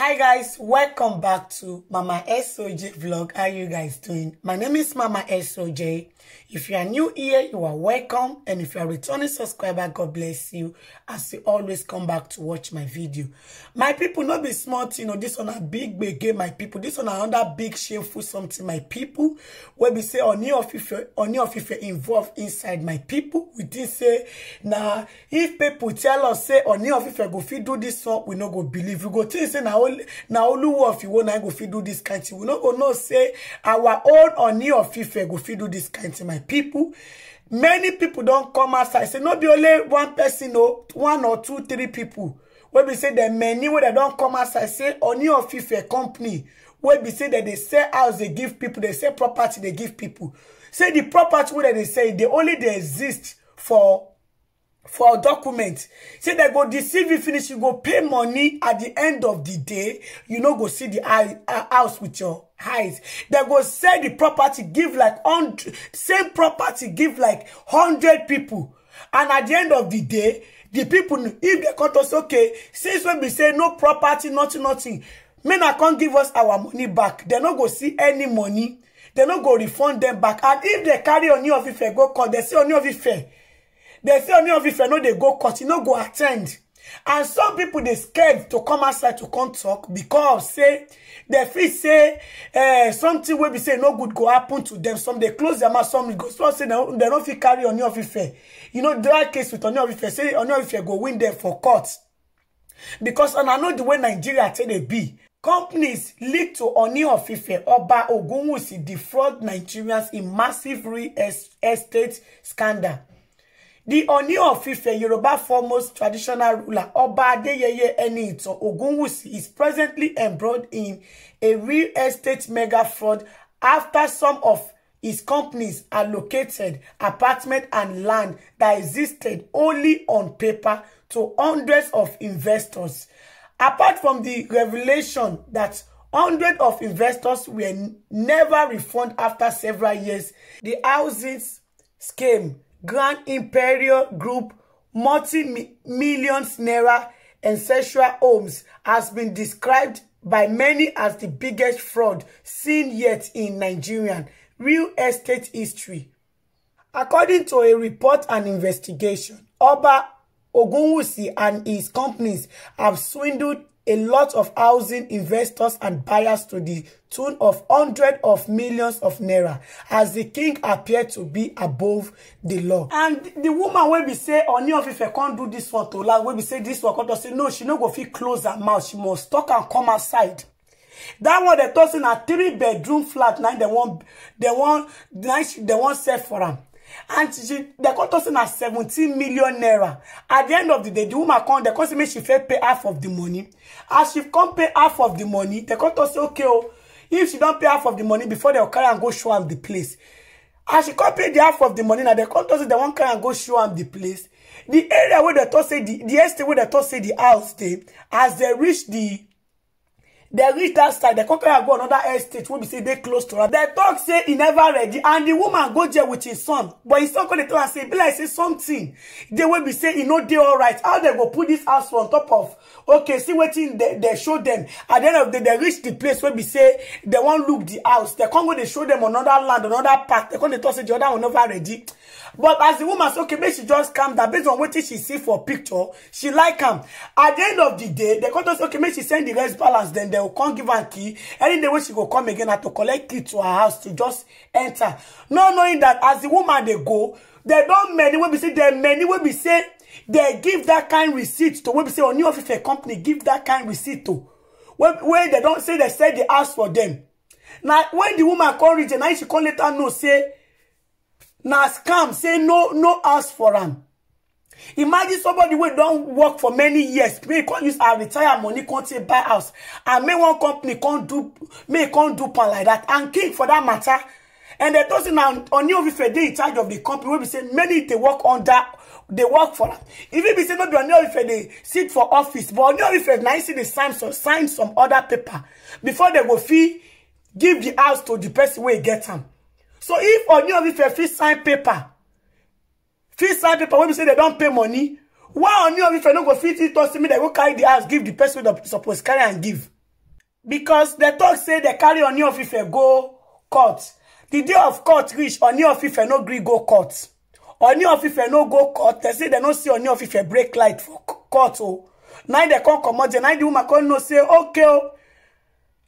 hi guys welcome back to mama soj vlog how you guys doing my name is mama soj if you are new here you are welcome and if you are returning subscriber god bless you as you always come back to watch my video my people not be smart. you know this one a big game. my people this one another big shameful something my people where we say only of if you're only of if you're involved inside my people we did say now if people tell us say only of if you go fit do this one we no go believe you go think say now na oluwo of iwo na go fit do this kind thing we no go know say our own oni of ife go fit do this kind thing my people many people don come outside say no be only one person o one or two three people wey be say dem many wey dem don come outside say oni of ife company wey be say dem dey sell house dey give people dey sell property dey give people say the property wey dem dey sell e dey only dey exist for for document say they go deceive you finish you go pay money at the end of the day you no go see di uh, house with your eyes They go sell the property give like same property give like 100 people. and at the end of the day the people if they come us okay since when we say no property nothing nothing men na can't give us our money back dem no go see any money dem no go refund them back and if they carry oni of fair. go call. They say oni of fair they say Ooni of you know, they go court you know, go attend and some people they scared to come outside to come talk because say dem fit say eh, something will be say no good go happen to them some dey close their mouth some go so say they don't feel carry Ooni of Ife you know drag case with Ooni of Ife say Ooni of Ife go win them for court because and i know the way nigeria take dey be companies lead to oni ofife or Oba Ogunwusi defraud nigerians in massive real estate scandal The Oni of Yoruba foremost traditional ruler, Oba Adeyeye Eniitan Ogunwusi, is presently embroiled in a real estate mega fraud after some of his companies allocated apartment and land that existed only on paper to hundreds of investors. Apart from the revelation that hundreds of investors were never refunded after several years, the houses scheme. Grand Imperial Group multi-millions naira ancestral homes has been described by many as the biggest fraud seen yet in Nigerian real estate history. According to a report and investigation, Oba Ogunwusi and his companies have swindled a lot of housing investors and buyers to the tune of hundreds of millions of naira as the king appeared to be above the law. And the woman wey be say Ooni of if I can't do this one to like wey be say this one come to say no she no go fit close her mouth she must talk and come outside. That one they tossing a three bedroom flat na dem wan dem wan na they wan sell for am and she the come to say na seventeen million naira at the end of the day the woman called the come say she fit pay half of the money as she come pay half of the money the come to say okay oh, if she don't pay half of the money before they carry and go show am the place as she come pay the half of the money na the come to say they wan carry and go show am the place the area where they talk said the the estate where they talk said the house dey as they reach the They reach that side They come go another estate wey be say they close to her. dem tok say he never ready and the woman go there with his son but im son go dey and say e be like say something They will be say he no dey alright how they go put this house on top of okay see what they they show them. at the end of the they reach the place wey be say they wan look the house They come go they show them another land another park They come dey talk say the other one never ready but as the woman say okay maybe she just calm down based on wetin she see for picture she like him. at the end of the day they come to say okay maybe she send the rest balance dem they will come give her key. Any day when she go come again, I to collect key to her house to just enter. No, knowing that as the woman they go, they don't many will be say They many will be say they give that kind receipt to will be say on your if a company give that kind receipt to where, they don't say they said they asked for them. Now when the woman call reach, now she call later no say now scam say no no ask for am imagine somebody who don't work for many years may can't use our retire money can't say buy house and may one company can't do may can't do pan like that and king for that matter and the tok say na oni of ife dey in charge of the company will be say many they work under they work for am even be say no be oni of ife dey sit for office but on of ife na im still dey sign some sign some other paper before they go fee give the house to the person wey get them. so if oni of ife fit sign paper three sad people when be say they don't pay money why one onion if i no go fit it? toss me they go carry the house give the person wey supposed carry and give because dem talk say they carry onion fife go court the day of court reach onion fife no agree go court onion fife no go court they say they no see onion fife break light for court o na dem come comot Now the woman come know say okay o oh,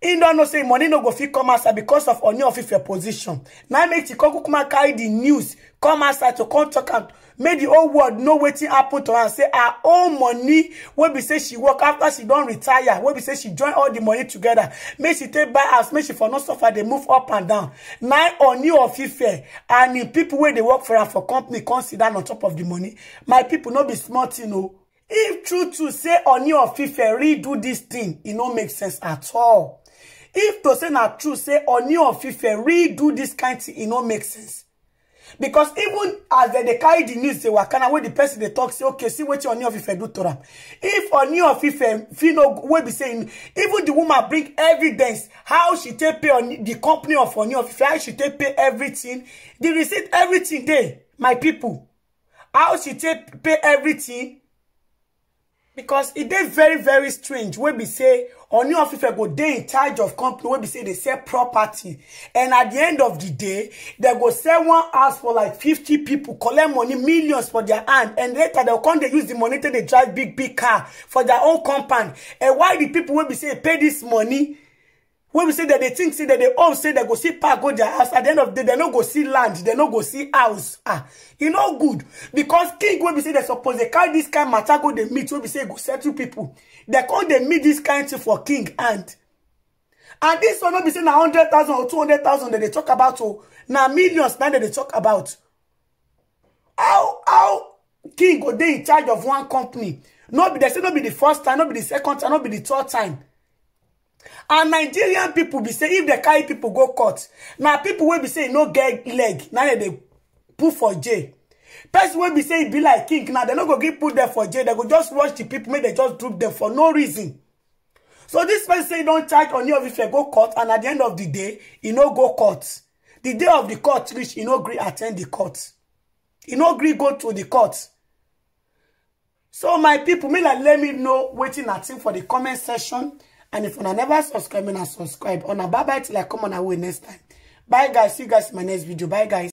e don know say money no go fit come outside because of onion of your position na make di kukuma carry the news come outside to come tok am make the whole world know wetin happened to her say her own money wey be say she work after she don't retire wey be say she join all the money together. make she take buy house make she for no suffer They move up and down na onion of ife and the people where they work for her for company consider on top of the money my people no be small tin o oh. if true to say onion of ife redo dis thing it e no make sense at all if to say not true say oni of ife really do kind thing It e no make sense because even as dem dey carry the news dey waka na wey di person they talk, say okay see wetin oni of ife do to am if oni of ife fit no wey be saying even the woman bring evidence how she take pay on the company of oni of ife how she take pay everything the receipt everything there, my people. how she take pay everything because it is very very strange wey we say oni of ife go day in charge of company Where we say they sell property and at the end of the day they go sell one house for like 50 people collect money millions for their hand and later dem come they use the money to they drive big big car for their own compound and why the people wey be say pay this money When we say that dey think say that they all say they go see park go their house at the end of the day dem no go see land they no go see house ah you e know good because king when we say they suppose they carry this kind matter go they meet when we say go settle people they call they meet this kind thing for king and and this one not be say na 100000 or 200000 that they talk about o oh, na millions na that they talk about how how king go they in charge of one company no be say not be the first time not be the second time not be the third time and nigerian people be say if dem carry people go court now people will be say no get leg na dem dey put for J. person will be say e be like king Now dem not go get put there for J. They go just watch the people. make they just drop them for no reason so this person say e don't charge on oni of they go court and at the end of the day e no go court The day of the court which e no agree attend the court e no agree go to the court so my people, may like let me know waiting i think for the comment session. And if you never subscribe, and subscribe. On a bye bye till I come on our way next time. Bye guys. See you guys in my next video. Bye guys.